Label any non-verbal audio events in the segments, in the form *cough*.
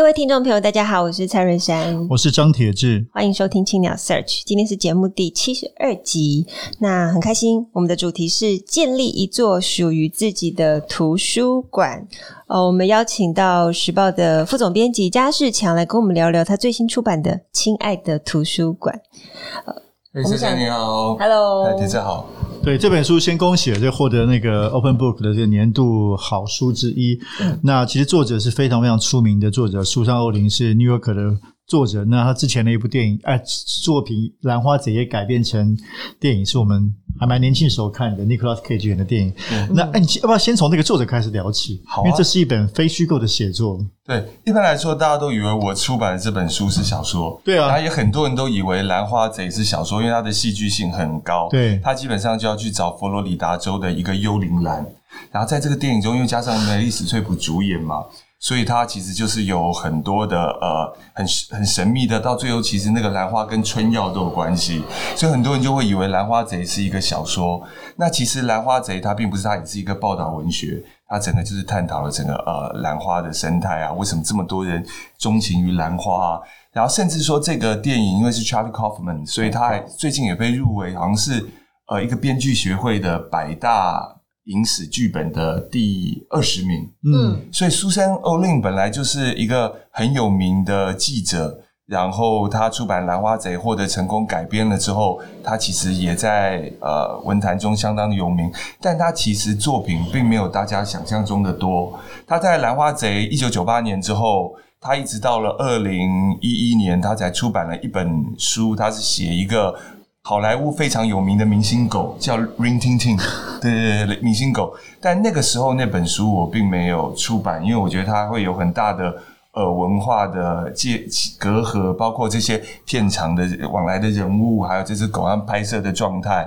各位聽眾朋友，大家好，我是蔡瑞珊，我是張鐵志，歡迎收聽青鳥 Search，今天是節目第七十二集，那很開心，我們的主題是建立一座屬於自己的圖書館，哦，我們邀請到時報的副總編輯嘉世強來跟我們聊聊他最新出版的《親愛的圖書館》。呃、欸，蔡先生你好，Hello，鐵志、欸、好。對，這本書，先恭喜了，就獲得那個 Open Book 的這個年度好書之一。那其實作者是非常非常出名的作者，蘇珊·歐琳是 New York 的。作者那他之前的一部電影哎作品《蘭花賊》也改編成電影，是我們還蠻年輕的時候看的 *music* Nicolas Cage 演的電影。那哎、嗯啊，你要不要先從那個作者開始聊起？好啊、因為這是一本非虛構的寫作。對，一般來說，大家都以為我出版的這本書是小說。嗯、對啊，然後也很多人都以為《蘭花賊》是小說，因為它的戲劇性很高。對，他基本上就要去找佛羅里達州的一個幽靈蘭。然後在這個電影中，又加上梅莉史翠普主演嘛。 *laughs* 所以它其實就是有很多的呃很很神秘的，到最後其實那個蘭花跟春藥都有關係，所以很多人就會以為《蘭花賊》是一個小說。那其實《蘭花賊》它並不是，它也是一個報道文學。它整個就是探討了整個呃蘭花的生態啊，為什麼這麼多人鍾情於蘭花啊？然後甚至說這個電影因為是 Charlie Kaufman，所以他還最近也被入圍，好像是呃一個編劇學會的百大。影史劇本的第二十名。嗯，所以蘇珊·歐琳本來就是一個很有名的記者，然後他出版《蘭花賊》獲得成功改編了之後，他其實也在呃文壇中相當的有名，但他其實作品並沒有大家想象中的多。他在《蘭花賊》一九九八年之後，他一直到了二零一一年，他才出版了一本書，他是寫一個。好萊塢非常有名的明星狗叫 Rin Tin Tin，對，對對對，明星狗。但那個時候那本書我並沒有出版，因為我覺得它會有很大的呃文化的界隔閡，包括這些片場的往來的人物，還有這隻狗它拍攝的狀態。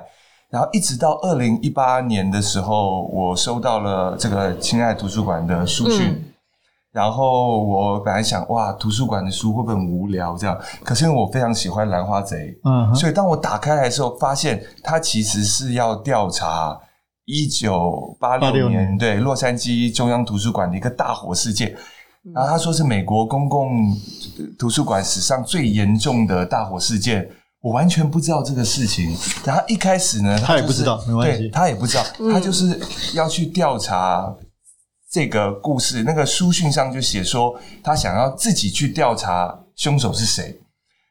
然後一直到二零一八年的時候，我收到了這個親愛圖書館的數據。嗯然後我本來想，哇，圖書館的書會不會很無聊這樣？可是因為我非常喜歡《蘭花賊》，嗯，所以當我打開來的時候，發現它其實是要調查一九八六年，86年。對，洛杉磯中央圖書館的一個大火事件。然後他說是美國公共圖書館史上最嚴重的大火事件，我完全不知道這個事情。然後一開始呢，他就是，他也不知道，沒關係。對，他也不知道，他就是要去調查。這個故事，那個書訊上就寫說，他想要自己去調查凶手是誰。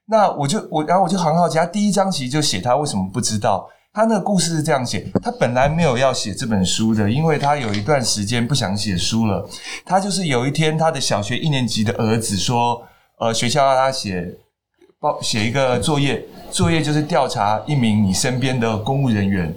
那我就我，然後我就很好奇，他第一章其實就寫他為什麼不知道。他那個故事是這樣寫，他本來沒有要寫這本書的，因為他有一段時間不想寫書了。他就是有一天，他的小學一年級的兒子說，呃，學校要他寫報寫一個作業，作業就是調查一名你身邊的公務人員。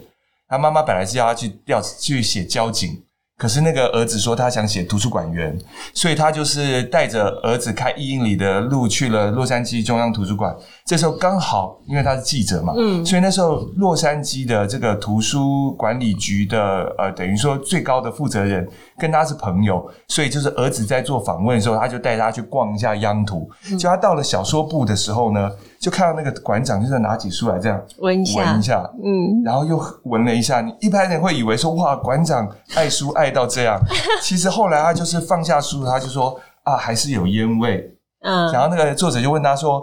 他媽媽本來是要他去調去寫交警。可是那個兒子說他想寫圖書館員，所以他就是帶着兒子開一英里的路去了洛杉磯中央圖書館。這時候剛好因為他是記者嘛，嗯，所以那時候洛杉磯的這個圖書管理局的呃，等於說最高的負責人跟他是朋友，所以就是兒子在做訪問的時候，他就帶他去逛一下央圖，嗯。就他到了小說部的時候呢，就看到那個館長就在拿起書來這樣聞一,一下，嗯，然後又聞了一下。你一般人會以為說哇，館長愛書愛書。愛到這樣，其實後來他就是放下書，他就說啊，還是有煙味。嗯、uh,，然後那個作者就問他說：“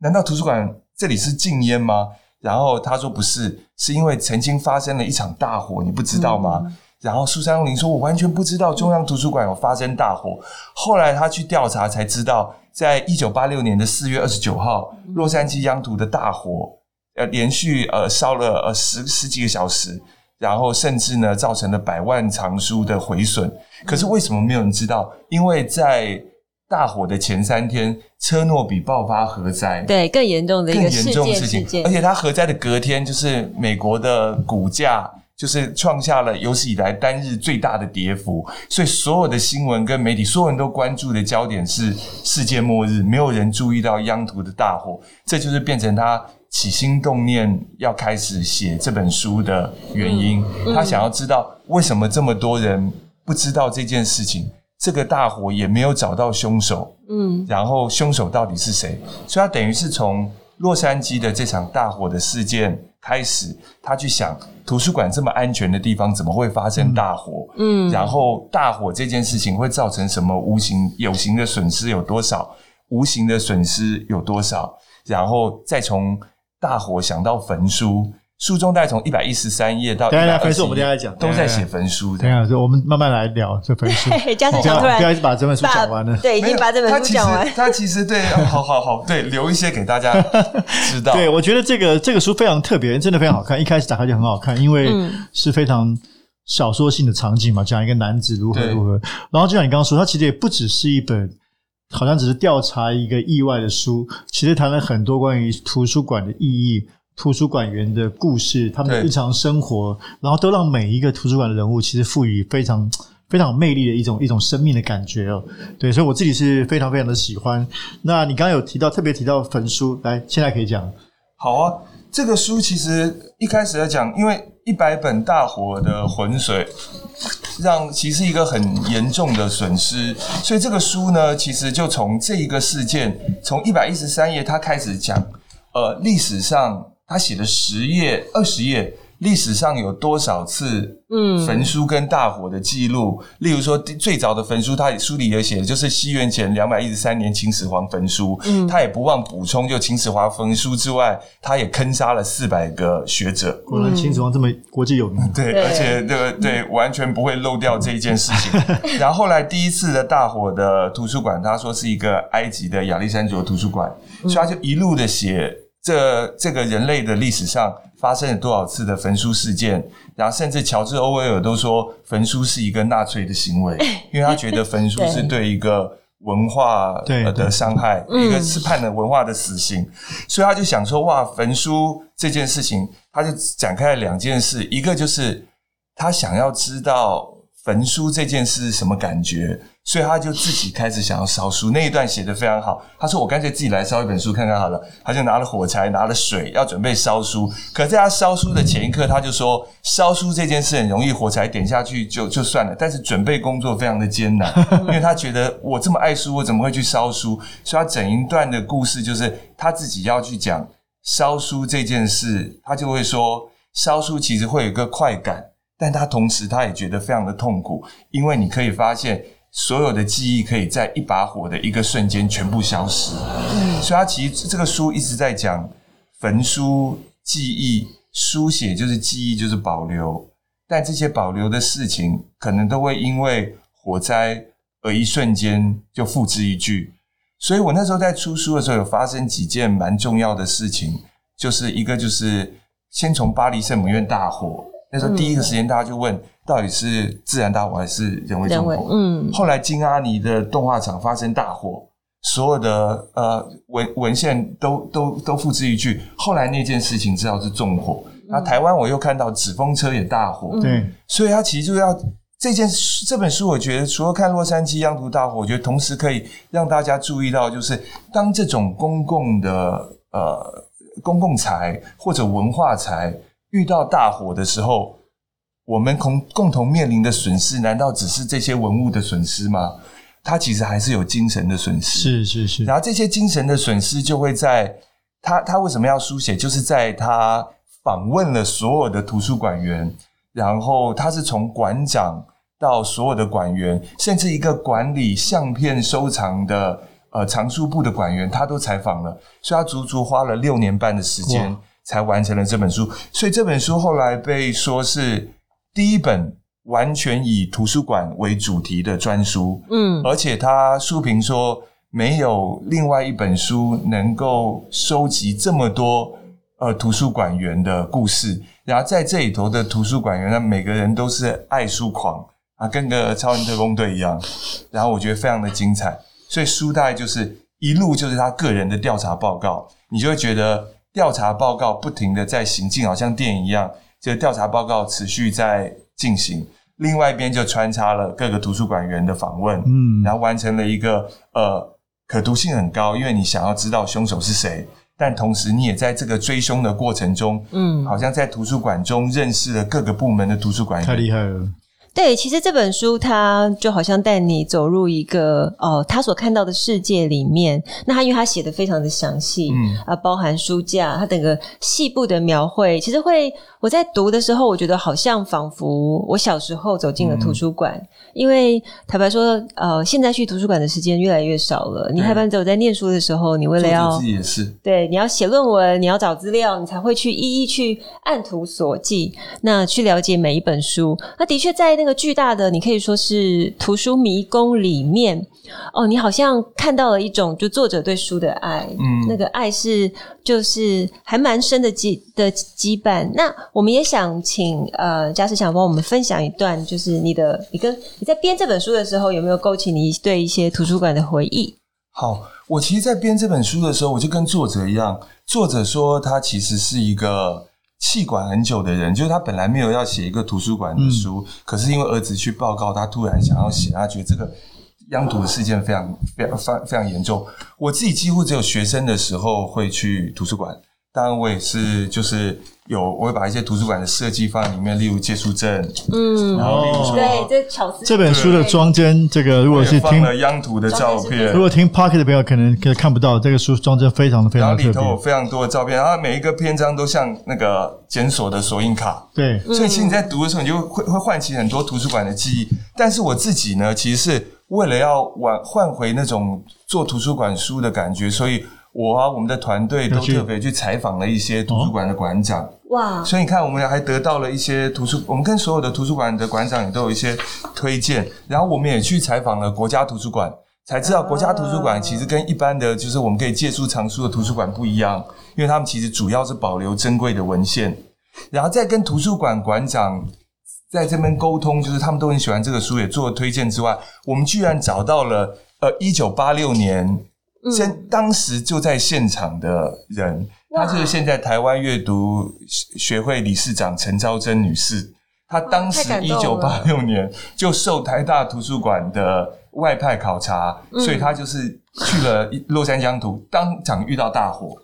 難道圖書館這裡是禁煙嗎？”然後他說：“不是，是因為曾經發生了一場大火，你不知道嗎？”嗯、然後蘇珊歐琳說：“我完全不知道中央圖書館有發生大火。”後來他去調查才知道，在一九八六年的四月二十九號，洛杉磯央圖的大火，呃、連續呃燒了呃十十幾個小時。然後甚至呢，造成了百萬藏書的毀損。可是為什麼沒有人知道？因為在大火的前三天，車諾比爆發核災，對更嚴重的一個事件。更嚴重的事情。而且它核災的隔天，就是美國的股價就是創下了有史以來單日最大的跌幅。所以所有的新聞跟媒體，所有人都關注的焦點是世界末日，沒有人注意到央圖的大火。這就是變成它。起心動念要開始寫這本書的原因，他想要知道為什麼這麼多人不知道這件事情，這個大火也沒有找到兇手，嗯，然後兇手到底是誰？所以他等於是從洛杉磯的這場大火的事件開始，他去想圖書館這麼安全的地方怎麼會發生大火？嗯，然後大火這件事情會造成什麼無形、有形的損失有多少？無形的損失有多少？然後再從。大火想到焚書，書中大概從一百一十三頁到，等一下來焚書，我們等一下講，都在寫焚書。等一下，我們慢慢來聊這焚書對是、喔不。不要把這本書講完了，對，已經把這本書講完他。他其實對、 *laughs* 哦，好好好，對，留一些給大家知道。 *laughs* 對，我覺得這個這個書非常特別，真的非常好看。 *laughs* 一開始打開就很好看，因為是非常小說性的場景嘛，講一個男子如何如何。對，然後就像你剛剛說，他其實也不只是一本。好像只是調查一個意外的書，其實談了很多關於圖書館的意義、圖書館員的故事、他們的日常生活，然後都讓每一個圖書館的人物其實賦予非常非常有魅力的一種一種生命的感覺哦、喔。對，所以我自己是非常非常的喜歡。那你剛剛有提到特別提到焚書，來現在可以講。好啊，這個書其實一開始要講，因為。一百本大火的渾水，讓其實是一個很嚴重的損失。所以這個書呢，其實就從這一個事件，從一百一十三頁他開始講，呃，歷史上他寫了十頁、二十頁。歷史上有多少次焚書跟大火的記錄、嗯？例如說，最早的焚書，他書裡有寫，就是西元前兩百一十三年秦始皇焚書，嗯、他也不忘補充，就秦始皇焚書之外，他也坑殺了四百個學者、嗯。果然秦始皇這麼國際有名，對，而且對對、對、嗯，完全不會漏掉這一件事情。嗯、 *laughs* 然後後來第一次的大火的圖書館，他說是一個埃及的亞歷山卓圖書館，所以他就一路的寫。這這個人類的歷史上發生了多少次的焚書事件？然後，甚至喬治·歐威爾都說焚書是一個納粹的行為，因為他覺得焚書是對一個文化的傷害， *laughs* 一個是判了文化的死刑。對對嗯、所以，他就想說，哇，焚書這件事情，他就展開了兩件事，一個就是他想要知道。焚書這件事是什麼感覺？所以他就自己開始想要燒書那一段寫得非常好。他說：“我乾脆自己來燒一本書看看好了。”他就拿了火柴，拿了水，要準備燒書。可在他燒書的前一刻，他就說：“燒書這件事很容易，火柴點下去就就算了。但是準備工作非常的艱難，因為他覺得我這麼愛書，我怎麼會去燒書？”所以，他整一段的故事就是他自己要去講燒書這件事，他就會說燒書其實會有一個快感。但他同時，他也覺得非常的痛苦，因為你可以發現，所有的記憶可以在一把火的一個瞬間全部消失。嗯、所以，他其實這個書一直在講焚書、記憶、書寫，就是記憶就是保留，但這些保留的事情，可能都會因為火災而一瞬間就付之一炬。所以我那時候在出書的時候，有發生幾件蠻重要的事情，就是一個就是先從巴黎聖母院大火。那時候第一個時間，大家就問、okay. 到底是自然大火還是人為縱火為？嗯。後來京阿尼的動畫廠發生大火，所有的呃文文獻都都都付之一炬。後來那件事情知道是縱火。那、嗯、台灣我又看到紙風車也大火，對、嗯。所以他其實就要這件這本書，我覺得除了看洛杉磯央圖大火，我覺得同時可以讓大家注意到，就是當這種公共的呃公共財或者文化財。遇到大火的時候，我們共共同面臨的損失，難道只是這些文物的損失嗎？他其實還是有精神的損失。是是是。然後這些精神的損失就會在他，他為什麼要書寫？就是在他訪問了所有的圖書館員，然後他是從館長到所有的館員，甚至一個管理相片收藏的，呃，藏書部的館員，他都採訪了。所以他足足花了六年半的時間。才完成了這本書，所以這本書後來被說是第一本完全以圖書館為主題的專書。嗯，而且他書評說沒有另外一本書能夠收集這麼多呃圖書館員的故事。然後在這裡頭的圖書館員，那每個人都是愛書狂啊，跟個超人特工隊一樣。然後我覺得非常的精彩，所以書大概就是一路就是他個人的調查報告，你就會覺得。調查報告不停地在行進，好像電影一樣，這個調查報告持續在進行。另外一邊就穿插了各個圖書館員的訪問，嗯，然後完成了一個呃可讀性很高，因為你想要知道凶手是誰，但同時你也在這個追凶的過程中，嗯，好像在圖書館中認識了各個部門的圖書館員，太厲害了。對，其實這本書它就好像帶你走入一個哦，他、呃、所看到的世界裡面。那他因為他寫得非常的詳細，啊、嗯呃，包含書架，他整個細部的描繪，其實會我在讀的時候，我覺得好像仿佛我小時候走進了圖書館、嗯。因為坦白說，呃，現在去圖書館的時間越來越少了。嗯、你反正只有在念書的時候，你為了要對，你要寫論文，你要找資料，你才會去一一去按圖索驥，那去了解每一本書。的那的確在。那個巨大的，你可以說是圖書迷宮裡面哦，你好像看到了一種，就作者對書的愛，嗯，那個愛是就是還蠻深的羈的羈絆。那我們也想請呃，嘉世強想幫我們分享一段，就是你的你跟你在編這本書的時候，有沒有勾起你對一些圖書館的回憶？好，我其實，在編這本書的時候，我就跟作者一樣，作者說他其實是一個。棄管很久的人，就是他本來沒有要寫一個圖書館的書，嗯，可是因為兒子去報告，他突然想要寫，他覺得這個央圖的事件非常非常非常嚴重。我自己幾乎只有學生的時候會去圖書館。當然，我也是，就是有我會把一些圖書館的設計放在裡面，例如借書證，嗯，然後比如說、哦、這本書的裝幀，這個如果是聽放了央圖的照片，如果聽 Podcast 的朋友可能可能看不到，這個書裝幀非常的非常特別，然後裡頭有非常多的照片，然後每一個篇章都像那個檢索的索引卡，對，所以其實你在讀的時候，你就會會喚起很多圖書館的記憶。但是我自己呢，其實是為了要換換回那種做圖書館書的感覺，所以。我啊，我們的團隊都特別去採訪了一些圖書館的館長，哇！所以你看，我們還得到了一些圖書，我們跟所有的圖書館的館長也都有一些推薦。然後我們也去採訪了國家圖書館，才知道國家圖書館其實跟一般的就是我們可以借書藏書的圖書館不一樣，因為他們其實主要是保留珍貴的文獻。然後再跟圖書館館長在這邊溝通，就是他們都很喜歡這個書，也做了推薦之外，我們居然找到了呃，一九八六年。現、嗯、當時就在現場的人，她就是現在台灣閱讀學會理事長陳昭珍女士。她當時一九八六年就受台大圖書館的外派考察，啊、所以她就是去了洛杉磯央圖、嗯，當場遇到大火，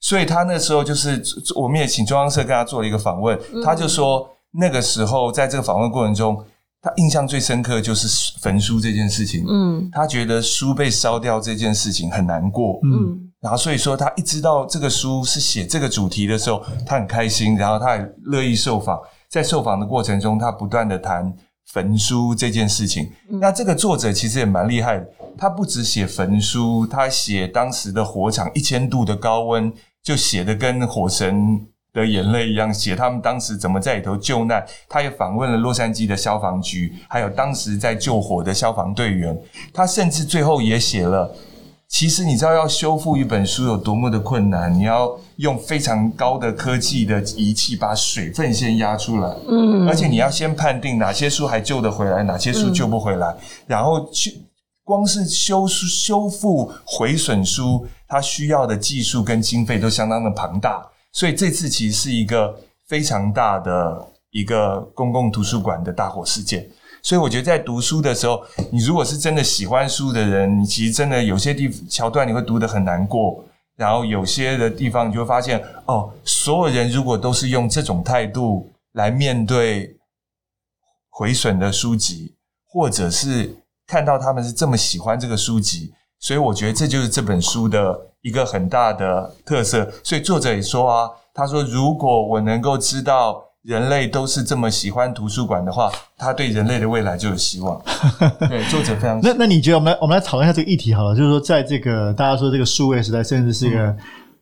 所以她那時候就是我們也請中央社跟她做了一個訪問，她、嗯、就說那個時候在這個訪問過程中。他印象最深刻就是焚書這件事情，嗯，他覺得書被燒掉這件事情很難過，嗯，然後所以說他一知道這個書是寫這個主題的時候，他很開心，然後他也樂意受訪，在受訪的過程中，他不斷地談焚書這件事情。那這個作者其實也蠻厲害的，他不止寫焚書，他寫當時的火場一千度的高溫，就寫得跟火神的眼淚一樣，寫他們當時怎麼在裡頭救難。他也訪問了洛杉磯的消防局，還有當時在救火的消防隊員。他甚至最後也寫了。其實你知道要修復一本書有多麼的困難，你要用非常高的科技的儀器把水分先壓出來，嗯嗯，而且你要先判定哪些書還救得回來，哪些書救不回來。嗯嗯，然後去光是修修復毀損書，它需要的技術跟經費都相當的龐大。所以這次其實是一個非常大的一個公共圖書館的大火事件。所以我覺得在讀書的時候，你如果是真的喜歡書的人，你其實真的有些地方橋段你會讀得很難過，然後有些的地方你就會發現，哦，所有人如果都是用這種態度來面對毀損的書籍，或者是看到他們是這麼喜歡這個書籍，所以我覺得這就是這本書的。一個很大的特色，所以作者也說啊，他說如果我能夠知道人類都是這麼喜歡圖書館的話，他對人類的未來就有希望。 *laughs* 對，作者非常。 *laughs* 那那你覺得我們來我們來討論一下這個議題好了，就是說在這個大家說這個數位時代，甚至是一個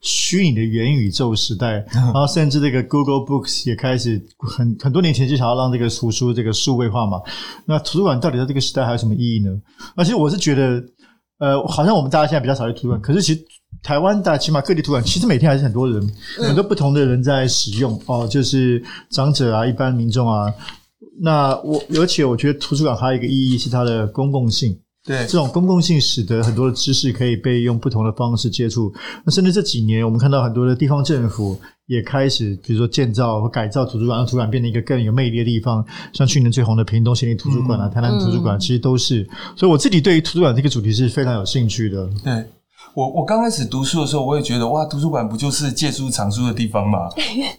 虛擬的元宇宙時代，嗯、 *laughs* 然後甚至這個 Google Books 也開始很很多年前就想要讓這個圖書這個數位化嘛。那圖書館到底在這個時代還有什麼意義呢？而且我是覺得，呃，好像我們大家現在比較少去圖書館，嗯，可是其實。台灣的起碼各地圖書館，其實每天還是很多人，嗯、很多不同的人在使用哦。就是長者啊，一般民眾啊。那我，而且我覺得圖書館還有一個意義是它的公共性。對，這種公共性使得很多的知識可以被用不同的方式接觸。那甚至這幾年，我們看到很多的地方政府也開始，比如說建造或改造圖書館，讓圖書館變得一個更有魅力的地方。像去年最紅的屏東縣立圖書館啊、嗯，台南圖書館，其實都是、嗯。所以我自己對於圖書館這個主題是非常有興趣的。對。我我剛開始讀書的時候，我也覺得哇，圖書館不就是借書藏書的地方嗎？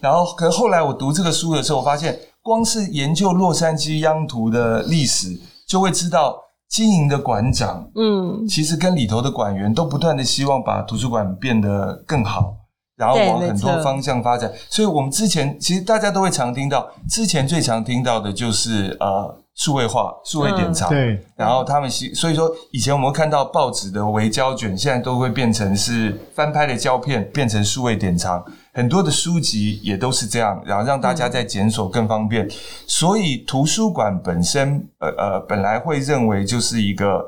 *laughs* 然後，可是後來我讀這個書的時候，我發現，光是研究洛杉磯央圖的歷史，就會知道經營的館長，嗯，其實跟裡頭的館員都不斷的希望把圖書館變得更好，然後往很多方向發展。 *laughs* 所以，我們之前其實大家都會常聽到，之前最常聽到的就是呃。數位化、數位典藏、嗯，對，然後他們是所以說，以前我們看到報紙的微膠卷，現在都會變成是翻拍的膠片，變成數位典藏，很多的書籍也都是這樣，然後讓大家在檢索更方便、嗯。所以圖書館本身，呃呃，本來會認為就是一個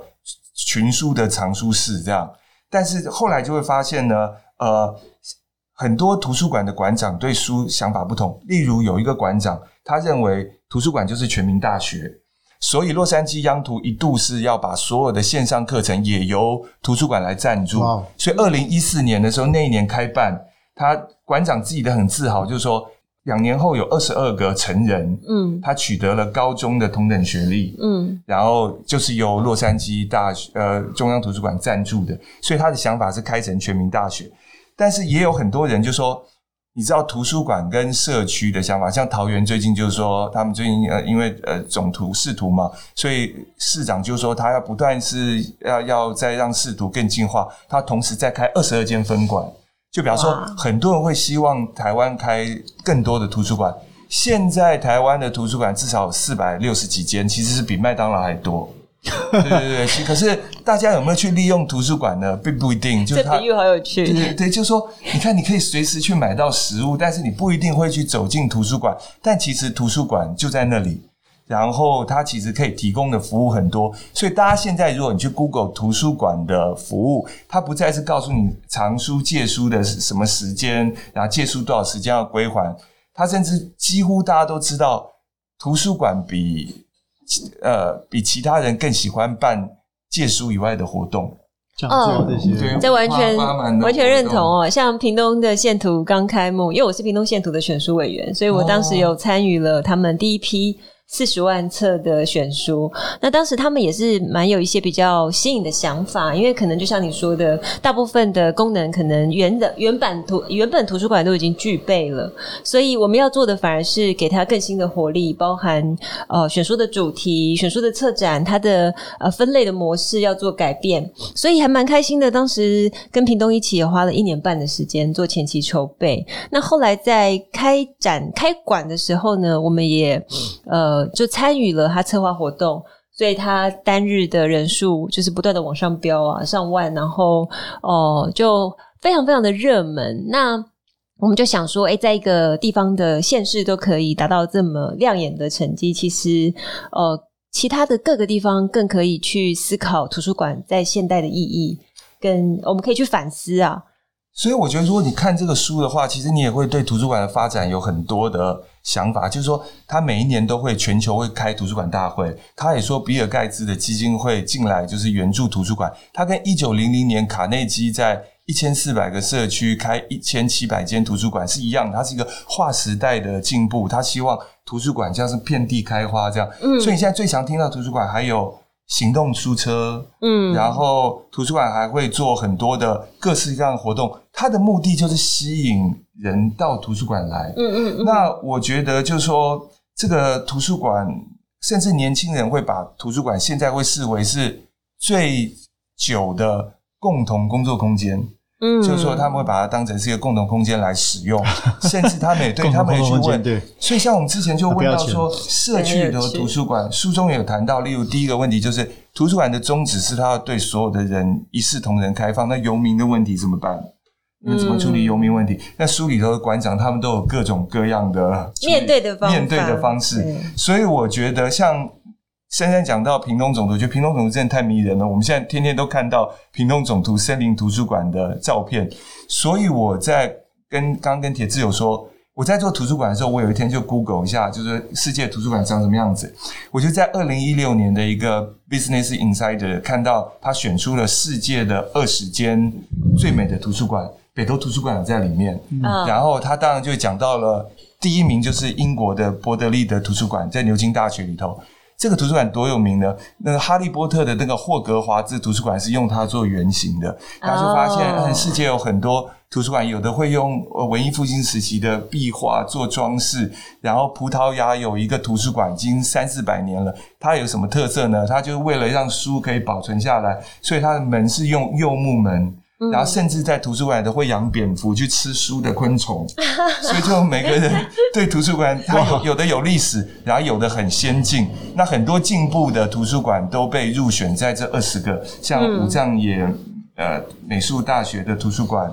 群書的藏書室這樣，但是後來就會發現呢，呃，很多圖書館的館長對書想法不同，例如有一個館長。他認為圖書館就是全民大學，所以洛杉磯央圖一度是要把所有的線上課程也由圖書館來贊助。Wow. 所以二零一四年的時候，那一年開辦，他館長自己都很自豪，就是說，兩年後有二十二個成人，嗯，他取得了高中的同等學歷，嗯，然後就是由洛杉磯大學呃中央圖書館贊助的，所以他的想法是開成全民大學，但是也有很多人就說。你知道圖書館跟社區的想法，像桃園最近就是說，他們最近呃，因為呃總圖、市圖嘛，所以市長就是說他要不斷是要要再讓市圖更進化，他同時再開二十二間分館。就比方說，很多人會希望台灣開更多的圖書館。現在台灣的圖書館至少四百六十幾間，其實是比麥當勞還多。 *laughs* 對對對，可是大家有沒有去利用圖書館呢？並不一定。就他這比喻好有趣。對對對，就是說你看，你可以隨時去買到食物，但是你不一定會去走進圖書館。但其實圖書館就在那裡，然後它其實可以提供的服務很多。所以大家現在，如果你去 Google 圖書館的服務，它不再是告訴你藏書、借書的什麼時間，然後借書多少時間要歸還。它甚至幾乎大家都知道，圖書館比。呃，比其他人更喜歡辦借書以外的活動，講座這些。對，這完全、啊、慢慢完全認同哦。像屏東的縣圖剛開幕，因為我是屏東縣圖的選書委員，所以我當時有參與了他們第一批。四十萬冊的選書，那當時他們也是蠻有一些比較新穎的想法，因為可能就像你說的，大部分的功能可能原的原版圖、原本圖書館都已經具備了，所以我們要做的反而是給它更新的活力，包含呃選書的主題、選書的策展、它的呃分類的模式要做改變，所以還蠻開心的。當時跟屏東一起也花了一年半的時間做前期籌備，那後來在開展開館的時候呢，我們也、嗯、呃。就參與了他策劃活動，所以他單日的人數就是不斷的往上飆啊，上萬，然後哦、呃，就非常非常的熱門。那我們就想說，哎、欸，在一個地方的縣市都可以達到這麼亮眼的成績，其實呃，其他的各個地方更可以去思考圖書館在現代的意義，跟我們可以去反思啊。所以我覺得，如果你看這個書的話，其實你也會對圖書館的發展有很多的。想法就是說，他每一年都會全球會開圖書館大會。他也說，比爾蓋茨的基金會進來就是援助圖書館。他跟一九零零年卡內基在一千四百個社區開一千七百間圖書館是一樣的，他是一個劃時代的進步。他希望圖書館像是遍地開花這樣。嗯，所以現在最常聽到圖書館還有行動書車，嗯，然後圖書館還會做很多的各式各樣的活動。他的目的就是吸引。人到圖書館來，嗯嗯嗯，那我覺得就是說，這個圖書館甚至年輕人會把圖書館現在會視為是最久的共同工作空間，嗯，就是說他們會把它當成是一個共同空間來使用、嗯，甚至他們也對他們也去問， *laughs* 共同共同空間，對。所以像我們之前就問到說，社區的圖書館、啊、書,書中有談到，例如第一個問題就是，圖書館的宗旨是它要對所有的人一視同仁開放，那游民的問題怎麼辦？那怎麼處理遊民問題？那、嗯、書裡頭的館長，他們都有各種各樣的面對的方面對的方式。嗯、所以我覺得，像珊珊講到屏東總圖，就屏東總圖真的太迷人了。我們現在天天都看到屏東總圖森林圖書館的照片。所以我在跟剛跟鐵志友說，我在做圖書館的時候，我有一天就 Google 一下，就是世界圖書館長什麼樣子。我就在二零一六年的一個 Business Insider 看到，他選出了世界的二十間最美的圖書館。北都圖書館有在裡面，嗯，然後他當然就講到了第一名就是英國的博德利的圖書館，在牛津大學裡頭，這個圖書館多有名呢？那個哈利波特的那個霍格華茲圖書館是用它做原型的。大家就發現那世界有很多圖書館，有的會用文藝復興時期的壁畫做裝飾。然後葡萄牙有一個圖書館，已經三四百年了，它有什麼特色呢？它就是為了讓書可以保存下來，所以它的門是用柚木門。然後甚至在圖書館都會養蝙蝠去吃書的昆蟲，所以就每個人對圖書館，它有有的有歷史，然後有的很先進。那很多進步的圖書館都被入選在這二十個，像武藏野呃美術大學的圖書館，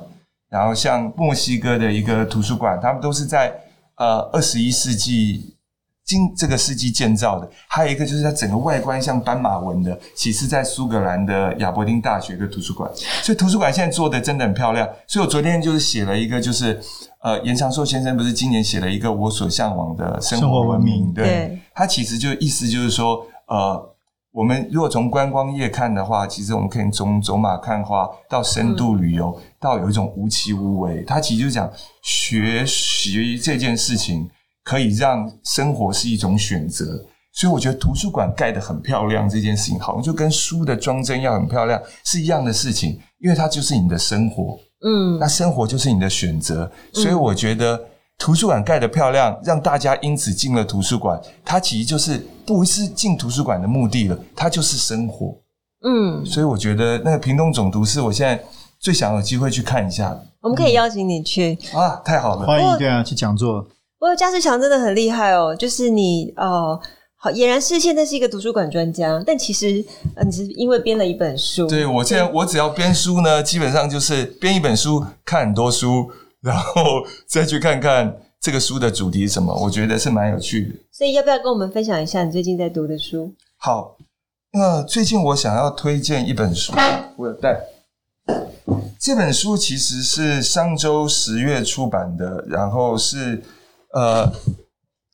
然後像墨西哥的一個圖書館，他們都是在呃二十一世紀。近這個世紀建造的，還有一個就是它整個外觀像斑馬紋的，其實在蘇格蘭的亞伯丁大學的圖書館，所以圖書館現在做的真的很漂亮。所以我昨天就是寫了一個，就是呃，嚴長壽先生不是今年寫了一個《我所嚮往的生活文明》，對，生活文明，對、yeah. 他其實就意思就是說，呃，我們如果從觀光業看的話，其實我們可以從走馬看花到深度旅遊、嗯，到有一種無奇無為，他其實就講學習這件事情。可以讓生活是一種選擇，所以我覺得圖書館蓋得很漂亮，這件事情好像就跟書的裝幀要很漂亮是一樣的事情，因為它就是你的生活，嗯，那生活就是你的選擇，所以我覺得圖書館蓋得漂亮，讓大家因此進了圖書館，它其實就是不是進圖書館的目的了，它就是生活，嗯，所以我覺得那個屏東總圖是我現在最想有機會去看一下的，我們可以邀請你去、嗯、啊，太好了，歡迎對啊去講座。我嘉世強真的很厲害哦、喔，就是你哦，好儼然是現在是一個圖書館專家，但其實、呃、你是因為編了一本書。對，我現在我只要編書呢，基本上就是編一本書，看很多書，然後再去看看這個書的主題是什麼，我覺得是蠻有趣的。所以要不要跟我們分享一下你最近在讀的書？好，那最近我想要推薦一本書，我有帶這本書，其實是上周十月出版的，然後是。呃，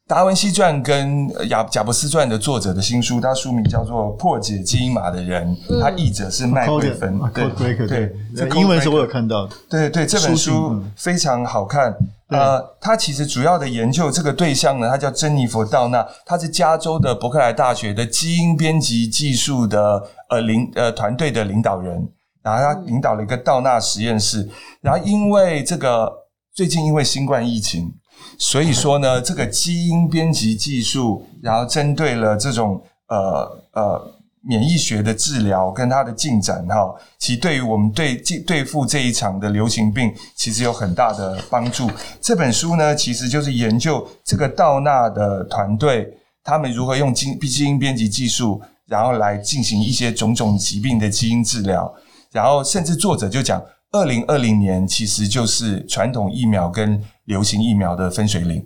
達文西傳跟亞賈伯斯傳的作者的新書，他書名叫做《破解基因碼的人》，他、嗯、譯者是麥奎芬、啊，對、啊、對，這個英文是我有看到的。對，對對，這本書非常好看。嗯、呃，他其實主要的研究這個對象呢，他叫珍妮佛道納，他是加州的伯克萊大學的基因編輯技術的呃領呃團隊的領導人，然後他領導了一個道納實驗室，然後因為這個最近因為新冠疫情。所以說呢，這個基因編輯技術，然後針對了這種呃呃免疫學的治療跟它的進展哈，其實對於我們對這對付這一場的流行病，其實有很大的幫助。這本書呢，其實就是研究這個道納的團隊，他們如何用基基因編輯技術，然後來進行一些種種疾病的基因治療，然後甚至作者就講，二零二零年其實就是傳統疫苗跟。流行疫苗的分水嶺，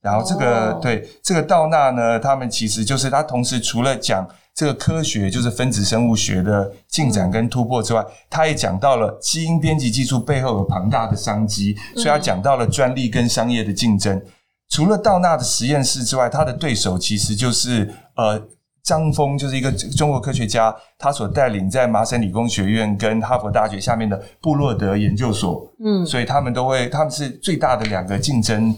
然後這個、Oh. 對，這個道納呢，他們其實就是他同時除了講這個科學，就是分子生物學的進展跟突破之外，他也講到了基因編輯技術背後有龐大的商機，所以他講到了專利跟商業的競爭。Mm-hmm. 除了道納的實驗室之外，他的對手其實就是呃。張峰就是一個中國科學家，他所帶領在麻省理工學院跟哈佛大學下面的布洛德研究所，嗯，所以他們都會，他們是最大的兩個競爭。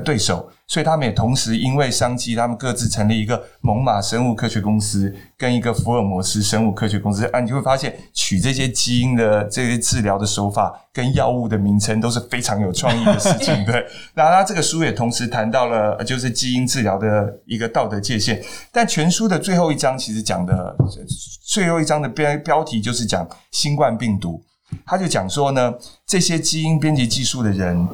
對手，所以他們也同時因為商機，他們各自成立一個猛獁生物科學公司，跟一個福爾摩斯生物科學公司。啊，你就會發現取這些基因的這些治療的手法跟藥物的名稱都是非常有創意的事情，對。 *laughs* 那他這個書也同時談到了，就是基因治療的一個道德界限。但全書的最後一章其實講的，最後一章的標標題就是講新冠病毒。他就講說呢，這些基因編輯技術的人。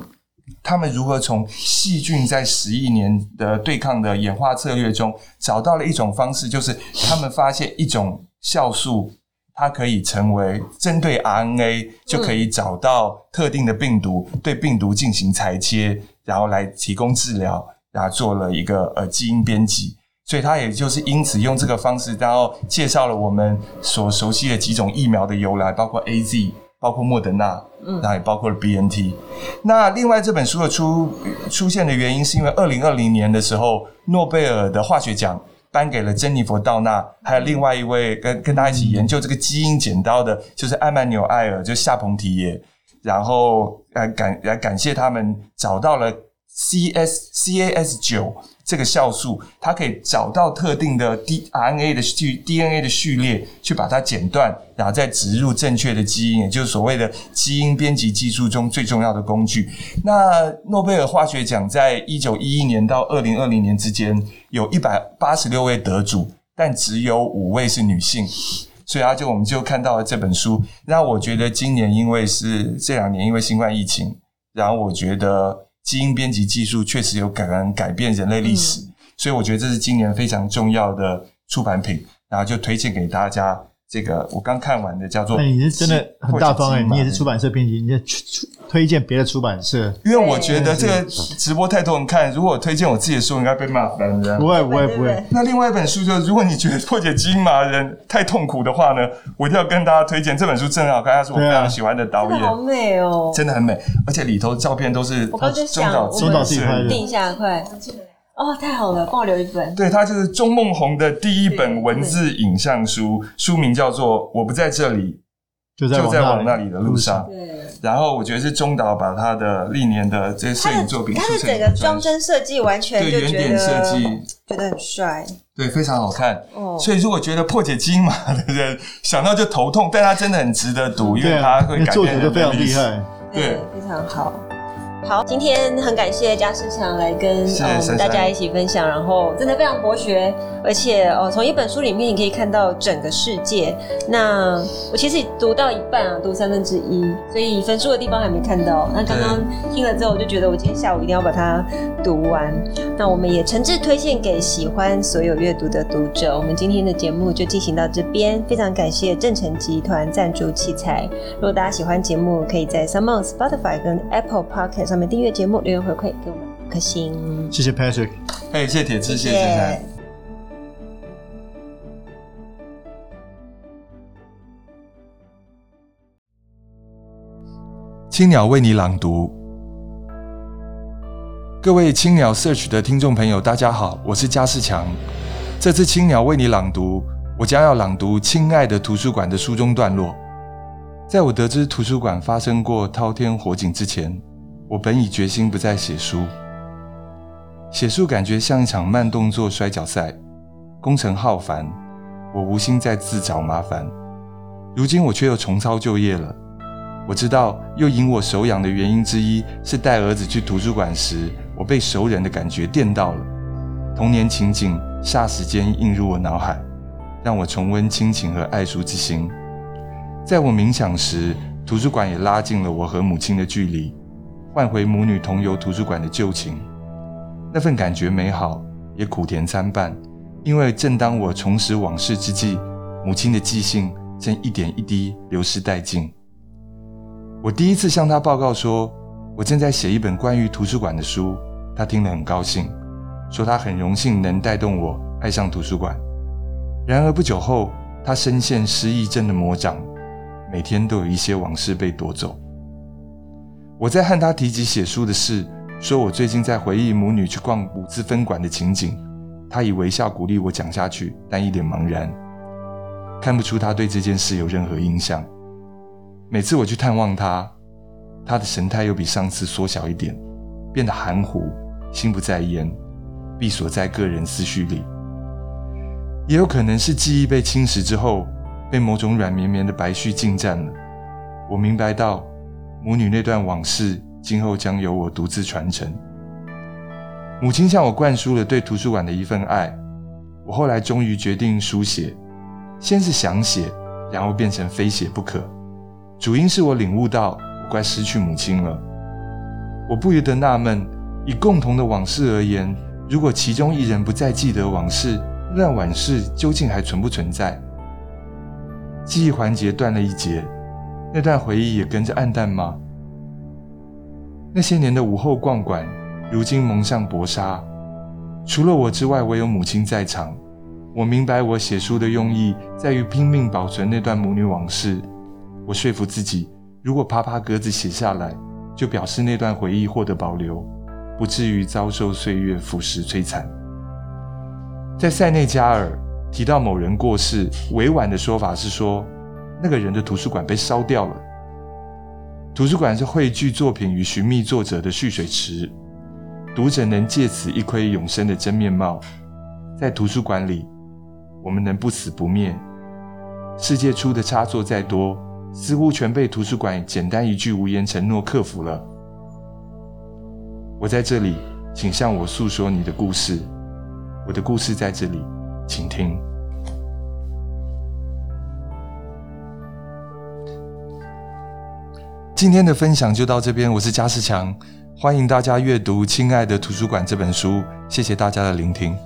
他們如何從細菌在十億年的對抗的演化策略中找到了一種方式，就是他們發現一種酵素，它可以成為針對 RNA 就可以找到特定的病毒，對病毒進行裁切，然後來提供治療，然後做了一個呃基因編輯，所以他也就是因此用這個方式，然後介紹了我們所熟悉的幾種疫苗的由來，包括 AZ。包括莫德納，嗯，然後也包括了 BNT，嗯。那另外這本書的出出現的原因，是因為二零二零年的時候，諾貝爾的化學獎頒給了珍妮佛道納，還有另外一位跟跟他一起研究這個基因剪刀的，就是艾曼紐埃爾，就是夏彭提耶。然後感，來感來感謝他們找到了。C S C A S 九這個酵素，它可以找到特定的 D N A 的序 D N A 的序列，去把它剪斷，然後再植入正確的基因，也就是所謂的基因編輯技術中最重要的工具。那諾貝爾化學獎在一九一一年到二零二零年之間，有一百八十六位得主，但只有五位是女性。所以啊，就我們就看到了這本書。那我覺得今年因為是這兩年因為新冠疫情，然後我覺得。基因編輯技術確實有改改變人類歷史，嗯，所以我覺得這是今年非常重要的出版品，然後就推薦給大家。這個我剛看完的叫做，欸，你是真的很大方哎，你也是出版社編輯，你在出出。推薦別的出版社，因為我覺得這個直播太多人看。如果推薦我自己的書應該，應該被罵的，不樣不會，不會，不會。那另外一本書，就是如果你覺得破解金馬人太痛苦的話呢，我一定要跟大家推薦這本書，真的好看，它是我非常喜歡的導演，這個、好美哦，真的很美，而且裡頭照片都是。中島，中島收到，收下，快，哦，太好了，幫我留一本。對，它就是鍾孟宏的第一本文字影像書，書名叫做《我不在這裡》。就在就往那裡的路上，那裡路上，對。然後我覺得是中島把他的歷年的這些攝影作品他的，他的整個裝幀設計完全就覺得對就原點設計覺得很帥，對，非常好看。哦。所以如果覺得破解基因碼的人，想到就頭痛，但他真的很值得讀，因為他會因為作者就非常厲害，對，非常好。好，今天很感謝嘉世強來跟我們、嗯、大家一起分享，然後真的非常博學，而且哦，從一本書裡面你可以看到整個世界。那我其實讀到一半啊，讀三分之一，所以焚書的地方還沒看到。那剛剛聽了之後，我就覺得我今天下午一定要把它讀完。那我們也誠摯推薦給喜歡所有閱讀的讀者。我們今天的節目就進行到這邊，非常感謝正成集團贊助器材。如果大家喜歡節目，可以在 SoundOn Spotify 跟 Apple Podcast 我們訂閱節目，留言回饋給我們顆心。謝謝 Patrick，哎，謝謝鐵痴，謝謝青鳥為你朗讀。各位青鳥 Search 的聽眾朋友，大家好，我是嘉世強。這次青鳥為你朗讀，我將要朗讀《親愛的圖書館》的書中段落。在我得知圖書館發生過滔天火警之前。我本已決心不再寫書，寫書感覺像一場慢動作摔跤賽，工程浩繁，我無心再自找麻煩。如今我卻又重操舊業了。我知道，又引我手癢的原因之一是帶兒子去圖書館時，我被熟人的感覺電到了，童年情景霎時間映入我腦海，讓我重溫親情和愛書之心。在我冥想時，圖書館也拉近了我和母親的距離。喚回母女同遊圖書館的舊情，那份感覺美好，也苦甜參半。因為正當我重拾往事之際，母親的記性正一點一滴流失殆盡。我第一次向她報告說，我正在寫一本關於圖書館的書，她聽了很高興，說她很榮幸能帶動我愛上圖書館。然而不久後，她深陷失憶症的魔掌，每天都有一些往事被奪走。我在和他提及寫書的事，說我最近在回憶母女去逛五字分館的情景，他以微笑鼓勵我講下去，但一臉茫然，看不出他對這件事有任何印象。每次我去探望他，他的神態又比上次縮小一點，變得含糊，心不在焉，閉鎖在個人思緒裡，也有可能是記憶被侵蝕之後，被某種軟綿綿的白絮侵占了。我明白到。母女那段往事，今後將由我獨自傳承。母親向我灌輸了對圖書館的一份愛，我後來終於決定書寫，先是想寫，然後變成非寫不可。主因是我領悟到，我快失去母親了。我不由得納悶：以共同的往事而言，如果其中一人不再記得往事，那往事究竟還存不存在？記憶環節斷了一截。那段回憶也跟着暗淡嗎？那些年的午後逛館，如今蒙上薄紗。除了我之外，唯有母親在場。我明白，我寫書的用意在於拼命保存那段母女往事。我說服自己，如果爬爬格子寫下來，就表示那段回憶獲得保留，不至於遭受歲月腐蝕摧殘。在塞內加爾，提到某人過世，委婉的說法是說。那個人的圖書館被燒掉了。圖書館是匯聚作品與尋覓作者的蓄水池，讀者能借此一窺永生的真面貌。在圖書館裡，我們能不死不滅。世界出的差錯再多，似乎全被圖書館簡單一句無言承諾克服了。我在這裡，請向我訴說你的故事。我的故事在這裡，請聽。今天的分享就到這邊，我是嘉世強，歡迎大家閱讀《親愛的圖書館》這本書，謝謝大家的聆聽。